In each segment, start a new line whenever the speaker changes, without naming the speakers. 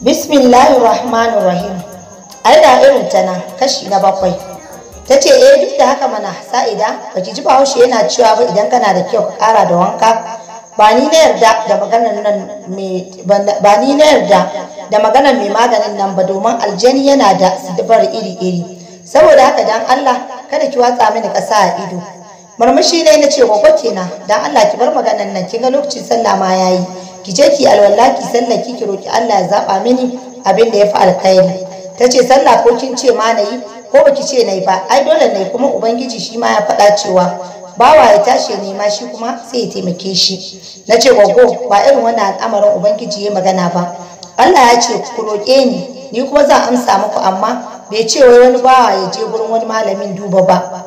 Bismillahi rahmanu rahim ai da irin ta nan kashi na bakwai ta ce eh duk da haka mana sa'ida baki ji bahaushe yana cewa ba idan kana da kyau ka kara da wanka ba ni na yarda da maganar nan mai ni na yarda da maganar mai maganin nan ba domin aljani yana da sidibar iri iri saboda haka dan Allah kada ki watsa mini kasa a ido murmushi ne na ce gogo kenan dan Allah ki bar maganar nan ga lokacin sallah ma yayi ki je ki alwala ki sallah ki ki roki Allah ya zaba mini abin da ya fi alkhairi ta ce sallah ko kin ce ma na yi ko baki ce na ba ai dole nayi kuma ubangiji shi ma ya faɗa cewa bawa ya tashi nema shi kuma sai ya taimake shi nace ce ba irin wannan al'amarin ubangiji ya magana ba Allah ya ce ku roke ni ni kuma zan amsa muku amma bai ce wai wani bawa ya je gurin wani malamin duba ba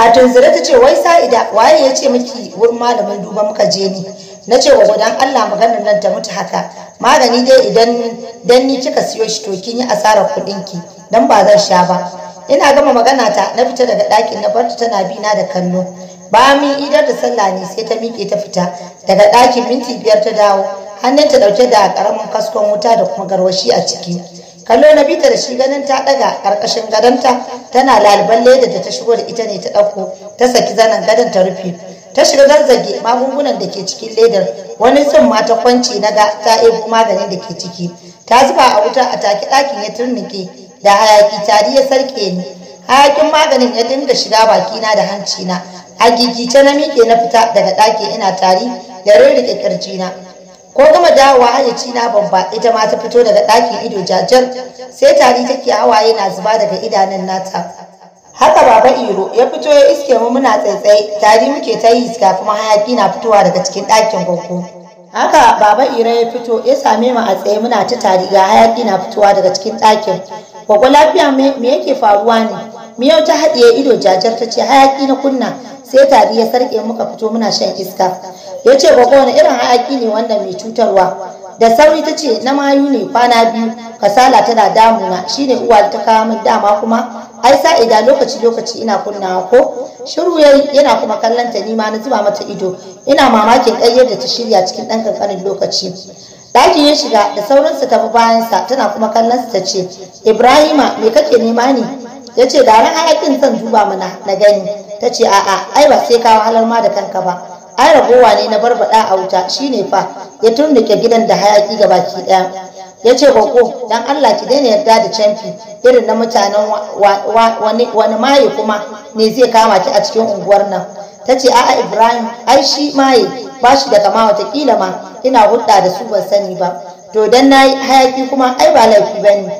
a tunzire ta ce wai sa'ida waye ya ce miki wurin malamin duba muka je ni na ce wa gudan Allah maganar nan ta mutu haka magani dai idan dan ni kika siyo shi to kin yi asarar kuɗin ki dan ba zan sha ba ina gama magana ta na fita daga ɗakin na barta tana bi na da kallo ba min idar da sallah ne sai ta miƙe ta fita daga ɗakin minti biyar ta dawo hannunta ɗauke da ƙaramin kaskon wuta da kuma garwashi a ciki kallo na bita da shi ganin ta daga karkashin gadonta tana laliban leda da ta shigo da ita ne ta dauko ta saki zanen gadon ta rufe ta shiga zazzage magungunan da ke cikin ledar wani tsumma mata kwanci na ga ta ebo maganin da ke ciki ta zuba a wuta a taki ɗakin ya turnike da hayaki tari ya sarke ni hayakin maganin ya dinga shiga bakina da hanci na. a gigice na miƙe na fita daga ɗaki ina tari da kirji na ko gama dawowa hayyaci na bamba ita ma ta fito daga ɗakin ido jajar sai tari take hawaye na zuba daga idanun nata haka baba iro ya fito ya iske mu muna tsaitsaye tari muke ta yi kafin hayaƙi na fitowa daga cikin ɗakin gwaggo haka baba iro ya fito ya same mu a tsaye muna ta tari ga hayaƙi na fitowa daga cikin ɗakin gwaggo lafiya me yake faruwa ne miyau ta haɗiye ido jajar ta ce hayaki na kunna sai tari ya sarƙe muka fito muna shan iska ya ce ba wani irin hayaki ne wanda mai cutarwa da sauri ta ce na mayu ne kwana biyu kasala tana damuna shine uwa ta kawo min dama kuma ai sa ida lokaci lokaci ina kunnawa ko shiru yayi yana kuma kallon ta nima na zuba mata ido ina mamakin ƙayyar da ta shirya cikin ɗan kankanin lokaci ɗakin ya shiga da saurinsa ta bi bayansa tana kuma kallon sa ta ce ibrahima me kake nema ne ya ce da ran hayakin zan duba mana na gani ta ce a'a ai ba sai ka wahalar ma da kanka ba ai ragowa ne na barbada a wuta shine fa ya tunduke gidan da hayaki ga baki daya ya ce koko dan Allah ki daina yarda da canfi irin na mutanen wani wani maye kuma ne zai kama ki a cikin unguwar nan ta ce a'a Ibrahim ai shi maye ba shi da kama watakila ma ina hulɗa da su ban sani ba to dan nayi hayaki kuma ai ba laifi bane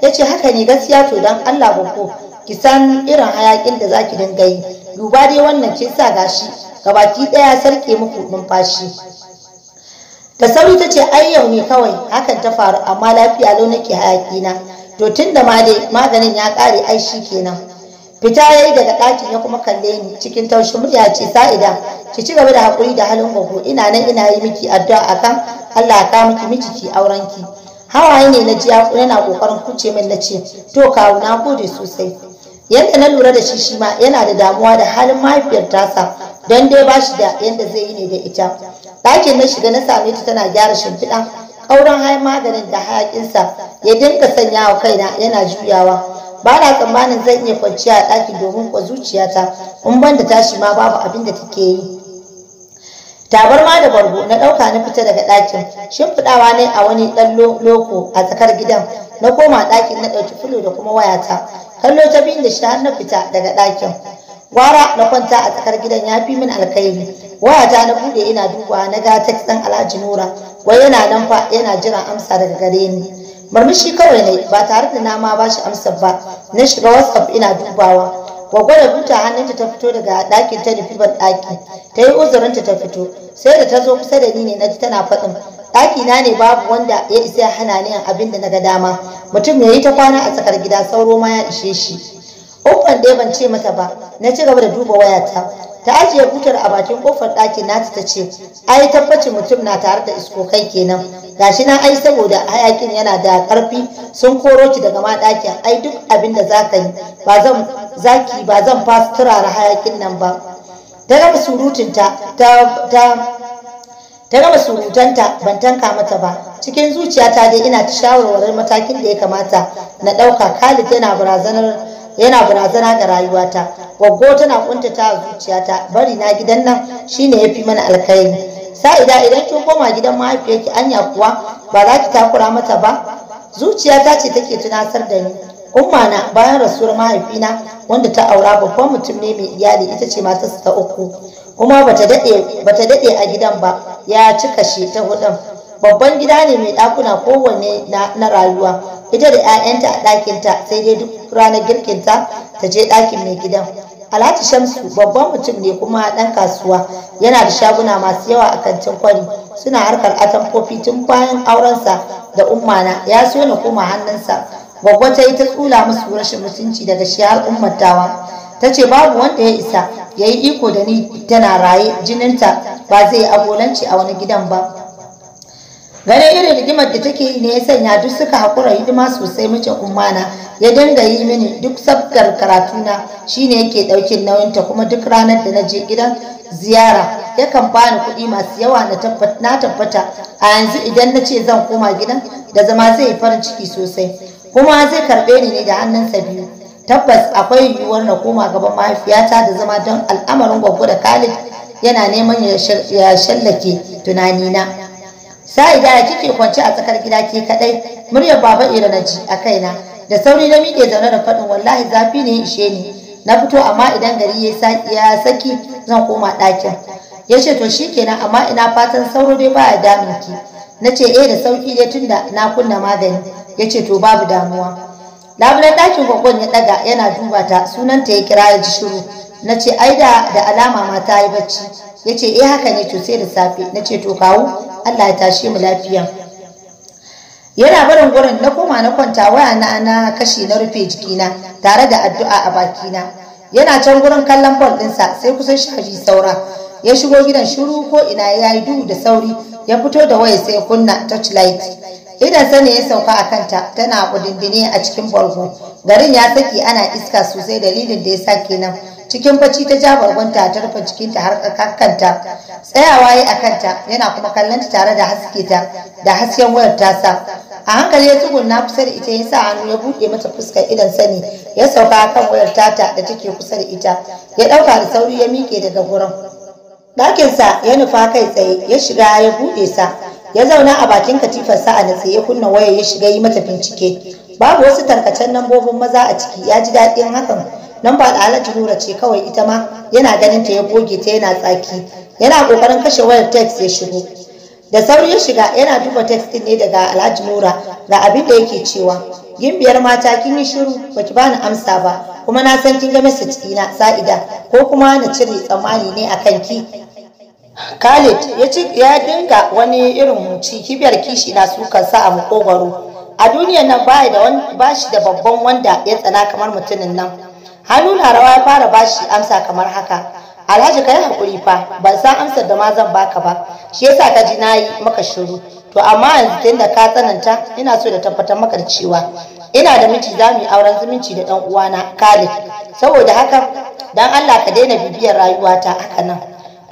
ya ce haka ne gaskiya to dan Allah gogo ki san irin hayakin da zaki dinga yi duba dai wannan kin sa gashi gabaki daya sarke muku numfashi da sauri ta ce ai yau ne kawai hakan ta faru amma lafiya lau nake hayaki na to tun da ma dai maganin ya kare ai shi kenan fita ya yi daga ɗakin ya kuma kalle ni cikin taushin murya ce sa'ida ki ci gaba da haƙuri da halin gwaggo ina nan ina yi miki addu'a akan Allah ka miki miki ki auren ki hawaye ne na ji yana ƙoƙarin kuce min na ce to kawu na gode sosai Yanda na lura da shi shi ma yana da damuwa da halin mahaifiyar tasa don dai ba shi da yadda zai yi ne da ita ɗakin na shiga na same ta tana gyara shimfiɗa ƙauran hayan maganin da hayaƙinsa ya dinka sanya wa kaina yana juyawa ba na tsammanin zan iya kwanciya a ɗaki domin kwa zuciyata in ban da tashi ma babu abin da take yi tabarma da bargo na ɗauka na fita daga ɗakin shimfiɗawa ne a wani ɗan loko a tsakar gidan na koma ɗakin na ɗauki fulo da kuma wayata kallo ta biyun da shi har na fita daga ɗakin gwara na kwanta a tsakar gidan ya fi min alkhairi wayata na buɗe ina dubawa na ga tax ɗin alhaji nura wai yana nan fa yana jiran amsa daga gare ni murmushi kawai ne ba tare da na ma bashi amsar ba na shiga whatsapp ina dubawa gwagwara buta hannunta ta fito daga ɗakin ta nufi ban ɗaki ta yi uzurinta ta fito sai da ta zo kusa da ni ne na ji tana faɗin ɗaki na ne babu wanda ya isa ya hana ni abin da na ga dama mutum ya yi ta kwana a tsakar gida sauro ma ya ishe shi ofan ɗaya ban ce mata ba na ci gaba da duba wayata ta ajiye butar a bakin kofar ɗakin nata ta ce ai tabbaci mutum na tare da iskokai kenan gashi na ai saboda hayakin yana da karfi sun koro ki daga ma ɗakin ai duk abin da za ka yi ba zan zaki ba zan fasa turara hayakin nan ba ta gama surutunta ta ta ta surutanta ban tanka mata ba cikin zuciyata dai ina ta shawarwarin matakin da ya kamata na ɗauka khalid yana barazanar yana barazana ga rayuwata Goggo tana kuntata zuciyata bari na gidan nan shine fi mana alkhairi sa'ida idan kin koma gidan mahaifiyarki anya kuwa ba za ki takura mata ba zuciyata ce take tunasar da ni umma na bayan rasuwar mahaifina wanda ta aura babban mutum ne mai iyali ita ce matarsa ta uku kuma bata daɗe bata a gidan ba ya cika shi ta hudun babban gida ne mai ɗakuna kowanne na rayuwa ita da 'ya'yanta a ɗakinta sai dai duk ranar girkinta ta je ɗakin mai gidan Alhaji Shamsu babban mutum ne kuma ɗan kasuwa yana da shaguna masu yawa a kantin kwari suna harkar atamfofi tun bayan aurensa da ummana ya so na koma hannunsa gwaggwa ta yi ta tsula musu rashin mutunci daga shi har ummatawa ta ce babu wanda ya isa ya yi iko da ni tana raye jininta ba zai yi agolanci a wani gidan ba ganin irin rigimar da take yi ne ya sanya duk suka haƙura hidima sosai mace umana ya dinga yi mini duk sabgar karatuna shine yake ɗaukin nauyinta kuma duk ranar da na je gidan ziyara yakan bani kuɗi masu yawa na tabbata a yanzu idan na ce zan koma gidan da zama zai farin ciki sosai kuma zai karɓe ni ne da hannunsa biyu tabbas akwai yiwuwar na koma gaban mahaifiyata da zama don al'amarin gwaggo da khalid yana neman ya shallake tunanina Sa'ida ya kike kwance a tsakar gida ke kadai muryar baba ira na ji a kaina da sauri na miƙe zaune da faɗin wallahi zafi ne ishe ni na fito amma idan gari ya saki zan koma ɗakin ya ce to shi kenan amma ina fatan sauro dai baya damu ki nace eh da sauki dai tunda na kunna magani ya ce to babu damuwa labulen ɗakin gwaggon ya ɗaga yana duba ta sunanta ya kira ya ji shiru na ce ai da da alama ma ta yi bacci ya ce eh haka ne to sai da safe na ce to kawo Allah ya tashi mu lafiya yana barin gurin na koma na kwanta waya na na kashi na rufe jikina tare da addu'a a bakina yana can gurin kallon bol ɗinsa sai kusan sha saura ya shigo gidan shiru ko ina ya yi duhu da sauri ya fito da waya sai kunna "Touch Light" idan sani ya sauka a kanta tana kudindine a cikin bargo garin ya saki ana iska sosai dalilin da ya sa kenan cikin bacci ta ja bargunta ta rufe jikinta har kanta. tsayawa yi a kanta yana kuma kallonta tare da haske ta da hasken wayar tasa a hankali ya tsugunna kusa da ita ya sa hannu ya buɗe mata fuskar idan sani ya sauka kan wayar tata da take kusa da ita ya ɗauka da sauri ya miƙe daga gurin ɗakinsa ya nufa kai tsaye ya shiga ya buɗe sa ya zauna a bakin katifarsa a natse ya kunna wayar ya shiga yi mata bincike babu wasu tarkacen nambobin maza a ciki ya ji daɗin hakan nan ba da halacci nura ce kawai ita ma yana ganin ta ya goge ta yana tsaki yana kokarin kashe wayar text ya shigo da sauri ya shiga yana duba text din ne daga alhaji nura ga abin da yake cewa gimbiyar mata kin yi shiru ba ki bani amsa ba kuma na san kin ga message dina sa'ida ko kuma na cire tsammani ne akan ki Khalid ya dinga wani irin huci kibiyar kishi na kan sa a makogwaro a duniyar nan ba shi da babban wanda ya tsana kamar mutumin nan hannu na rawa ya fara bashi amsa kamar haka alhaji kai hakuri fa ban san amsar da ma zan baka ba shi yasa ka ji nayi maka shiru to amma yanzu tunda ka tsananta ina so da tabbatar maka da cewa ina da miji za mu yi auren zumunci da dan uwana Khalid saboda haka dan Allah ka daina bibiyar rayuwata haka nan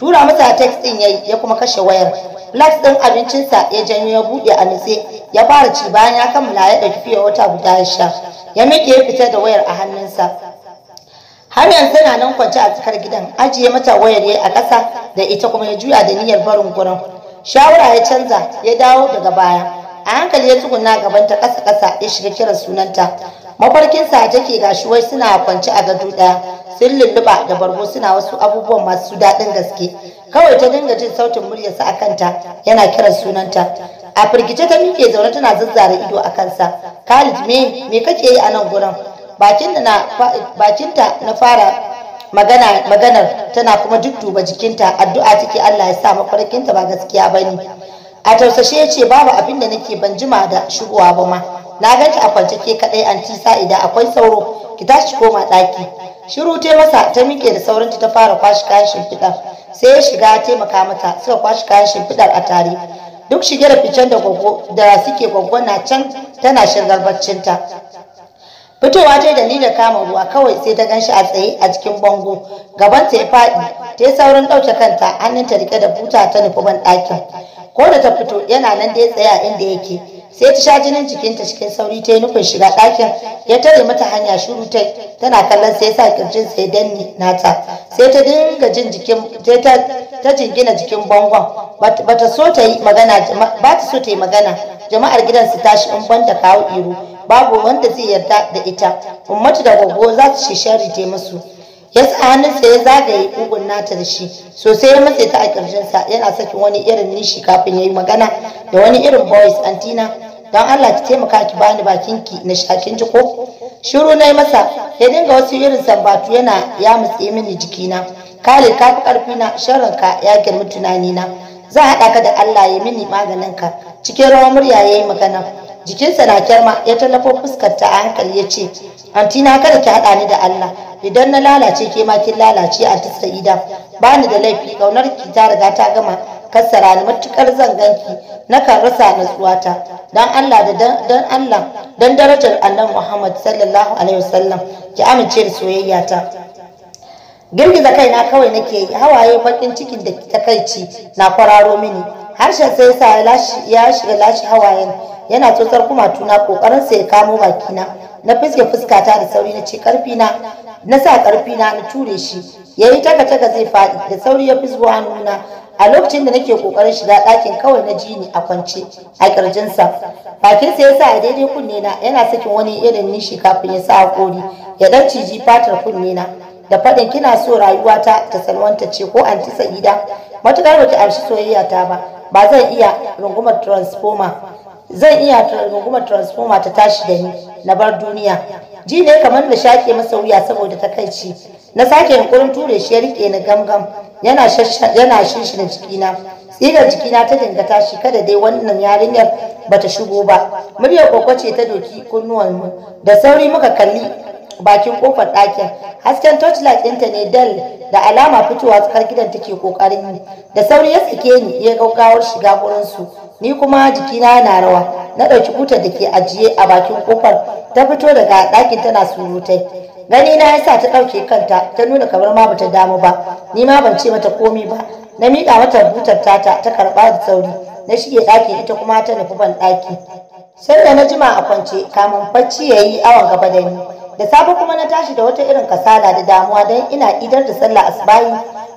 tura masa text din yayi ya kuma kashe wayar flax din abincinsa ya janyo ya buɗe a nutse ya fara ci bayan ya kammala ya ɗauki fiye wata guda ya sha ya miƙe ya fita da wayar a hannunsa har yanzu tana nan kwance a tsakar gidan ajiye mata wayar yayi a ƙasa da ita kuma ya juya da niyyar barin gurin shawara ya canza ya dawo daga baya a hankali ya tsuguna gaban ta kasa ƙasa ya shiga kiran sunanta mafarkinsa take gashi wai suna kwance a gado ɗaya sun lulluɓa da bargo suna wasu abubuwan masu daɗin gaske kawai ta dinga jin sautin muryarsa a kanta yana kiran sunanta a firgice ta miƙe zaune tana zazzara ido a kansa khalid me me kake yi a nan gurin bakinta na fara magana maganar tana kuma dudduba jikinta addu'a take Allah ya sa mafarkinta ba gaskiya bane a tausashe ya babu abin da nake ban jima da shigowa ba ma na ganta a kwance ke kadai anti sa'ida akwai sauro ki tashi koma daki shiru te masa ta mike da saurinta ta fara kwashi kayan shimfiɗar sai ya shiga taimaka mata suka kwashi kayan shimfiɗar a tare duk shige da ficen da suke gwaggon na can tana shirgar baccinta fitowa ta da ni da kama ruwa kawai sai ta ganshi a tsaye a jikin bango gaban ta ya faɗi ta yi saurin ɗauke kanta hannun ta rike da buta ta nufi ban ɗakin ko da ta fito yana nan da ya tsaya inda yake sai ta sha jinin jikinta cikin sauri ta yi nufin shiga ɗakin ya tare mata hanya shiru ta tana kallon sai sa kirjin sai danne nata sai ta dinga jin jikin ta jingina jikin bangon ba ta so ta yi magana jama'ar gidan su tashi in banta kawo iro babu wanda zai yarda da ita ummatu da gogo za su shishari ta musu ya sa hannunsa ya zagaye bugun nata da shi sosai ya matse ta a sa yana sakin wani irin nishi kafin ya yi magana da wani irin voice antina don Allah ki taimaka ki bani bakinki na shakin ji ko shiru na yi masa ya dinga wasu irin sambatu yana ya matse mini jikina Khalid ka fi na sharrinka ya girmi tunanina za a haɗa ka da Allah ya mini maganin ka. cikin rawar murya ya yi magana jikinsa na kyarma ya tallafo fuskar ta a hankali ya ce anti na kada ki haɗa ni da Allah idan na lalace ke ma kin lalace anti ida ba ni da laifi kaunar ki ta riga ta gama kassara ni matukar zan ganki na kan rasa natsuwata dan Allah da dan Allah dan darajar Annabi Muhammad sallallahu alaihi wasallam ki amince da soyayya ta girgiza kaina kawai nake hawaye bakin cikin da takaici na kwararo mini harshen sai sa ya shiga lashe hawayen yana tsotsar kumatuna kokarin sai ya kamo bakina na fiske fuskata da sauri na ce karfi na na sa karfi na na ture shi yayi taka taka zai faɗi da sauri ya fi zuwa nuna. a lokacin da nake kokarin shiga dakin kawai na ji ni a kwance a kirjinsa bakin sa yasa a daidai kunne na yana sakin wani irin nishi kafin ya sa hakori ya dan ciji fatar kunne na da faɗin kina so rayuwata ta salwanta ce ko anti sa'ida matukar wata amshi soyayya ta ba ba zan iya rungumar transformer zan iya rungumar transformer ta tashi da ni na bar duniya ji ne kamar na shaƙe masa wuya saboda ta kai ci na sake yunkurin ture shi ya riƙe ni gamgam yana yana shinshina jikina tsirar jikina ta dinga tashi kada dai wannan yarinyar bata shigo ba muryar kokwace ta doki kunnuwanmu da sauri muka kalli bakin kofar ɗakin hasken torchlight ɗinta ne dal da alama fitowa tsakar gidan take kokarin yi da sauri ya tsike ni ya gaugawar shiga gurin su ni kuma jikina na rawa na ɗauki kutar da ke ajiye a bakin kofar ta fito daga ɗakin tana surutai gani na yasa ta ɗauke kanta ta nuna kamar ma bata damu ba ni ma ban ce mata komi ba na miƙa mata butar tata ta karɓa da sauri na shige ɗaki ita kuma ta nufi ban ɗaki sai da na jima a kwance kamun bacci ya yi awon gaba da ni da safe kuma na tashi da wata irin kasala da damuwa don ina idar da sallah asbayi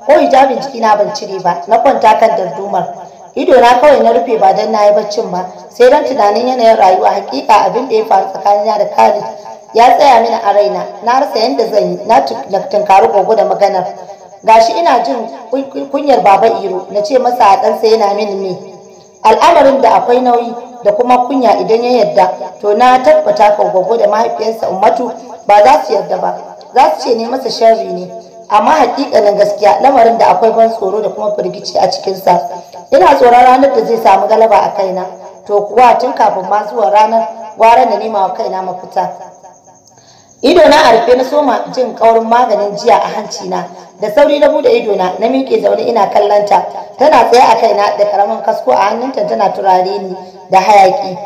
ko hijabin jikina ban cire ba na kwanta kan dardumar ido na kawai na rufe ba don nayi yi baccin ba sai don tunanin yanayin rayuwa hakika abin da ya faru tsakanina da khalid ya tsaya mini a raina na rasa yanda zan yi na tunkari gogo da maganar gashi ina jin kunyar baba iro na ce masa a ɗansa yana mini me al'amarin da akwai nauyi da kuma kunya idan ya yadda to na tabbata ka gogo da mahaifiyarsa ummatu ba za su yarda ba za su ce ne masa sharri ne amma hakikanin gaskiya lamarin da akwai ban tsoro da kuma firgici a cikinsa ina tsoron ranar da zai samu galaba a kaina to kuwa tun kafin ma zuwa ranar gwara na nema wa kaina mafita ido na a rufe na soma jin kaurin maganin jiya a hanci na da sauri na bude ido na na miƙe zaune ina kallanta tana tsaye a kaina da karamin kasko a hannunta tana turare ni da hayaki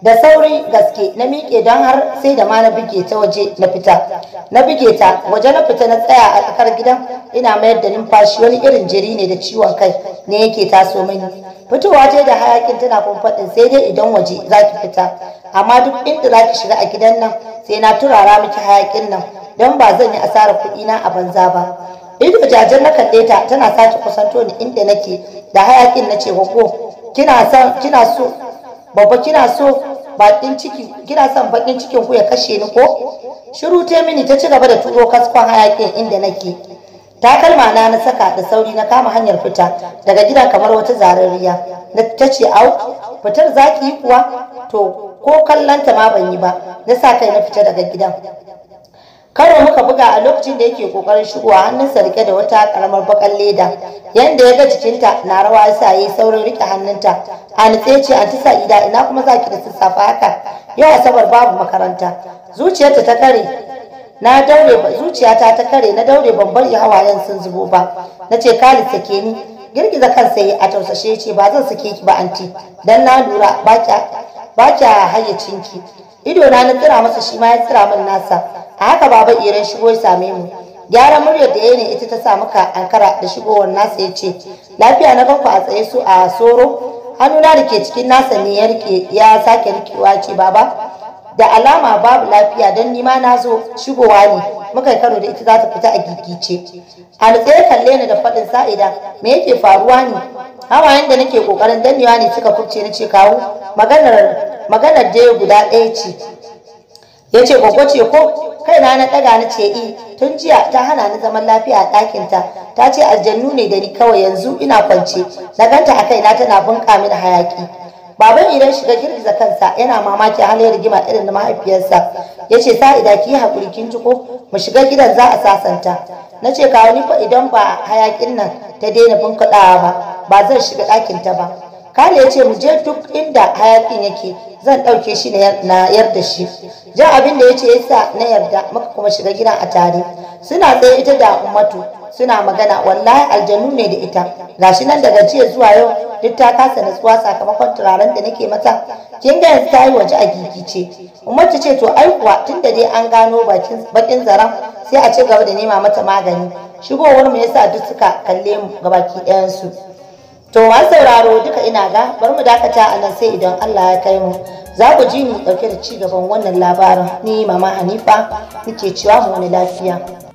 da sauri gaske na miƙe don har sai da ma na bige ta waje na fita na bige ta waje na fita na tsaya a tsakar gidan ina mayar da numfashi wani irin jiri ne da ciwon kai ne yake taso mini fitowa ce da hayakin tana kumfaɗin sai dai idan waje za ki fita amma duk inda za ki shiga a gidan nan sai na turara miki hayakin nan don ba zan yi asarar kuɗina a banza ba ido jajen na kalle ta tana sake kusanto ni inda nake da hayakin na ce kina son kina so babba kina so bakin ciki kina son bakin cikin ku ya kashe ni ko shiru ta mini ta ci gaba da turo kaskon hayakin inda nake takalma na na saka da sauri na kama hanyar fita daga gida kamar wata zarariya na ta ce au fitar zaki kuwa to ko kallanta ma ban yi ba na sa kai na fita daga gidan karo muka buga a lokacin da yake kokarin shigowa hannunsa rike da wata karamar bakan leda yanda ya ga jikinta na rawa ya sa yi saurin rike hannunta a nutse ce tisa sa'ida ina kuma zaki da sassafa haka yau asabar babu makaranta zuciyarta ta kare na daure zuciyata ta kare na daure ban bari hawayen sun zubo ba nace Khalid sake ni girgiza kan yi a tausashe ce ba zan sake ki ba anti dan na lura ba kya ba ki. ido na na tsira masa shi ma ya tsira min nasa a haka baba iran shigo ya same mu gyaran muryar da ya ne ita ta sa muka ankara da shigowar nasa ya ce lafiya na banku a tsaye su a soro hannuna da ke cikin nasa ne ya rike ya sake rikewa ce baba da alama babu lafiya don ma na zo shigowa ne muka karo da ita za ta fita a gigice a nutse kalle ni da faɗin sa'ida me yake faruwa ne hawayen da nake kokarin dannewa ne suka kubce na ce kawo maganar maganar da ya guda ɗaya ce ya ce gwaggo ce ko kaina na ɗaga na ce i eh, tun jiya ta hana ni zaman lafiya a ɗakinta ta ce aljannu ne da ni kawai yanzu ina kwance na ganta a kaina tana bunƙa mini hayaƙi baban idan shiga girgiza kansa yana mamaki ya rigima irin na mahaifiyarsa ya ce ida ki haƙuri kin ji ko mu shiga gidan za a sasanta na ce kawo ni fa idan ba hayaƙin nan ta daina bunkaɗawa ba ba zan shiga ɗakinta ba Kale ya ce mu je duk inda hayakin yake zan ɗauke shi na yarda shi. Jan abin da ya ce yasa na yarda muka kuma shiga gidan a tare. Suna tsaye ita da ummatu suna magana wallahi aljanu ne da ita. Gashi nan daga jiya zuwa yau duk ta kasa natsuwa sakamakon turaren da nake mata. Kin ga yanzu ta yi waje a ce umatu ce to ai kuwa tunda dai an gano bakin zaren sai a ci gaba da nema mata magani. Shigowar mu yasa duk suka kalle mu ga baki ɗayansu. To an sauraro duka ina ga bari mu dakata a nan sai idan Allah ya kai mu. Za ku ji ni ɗauke da ci gaban wannan labarin ni mama Hanifa nake cewa mu wani lafiya.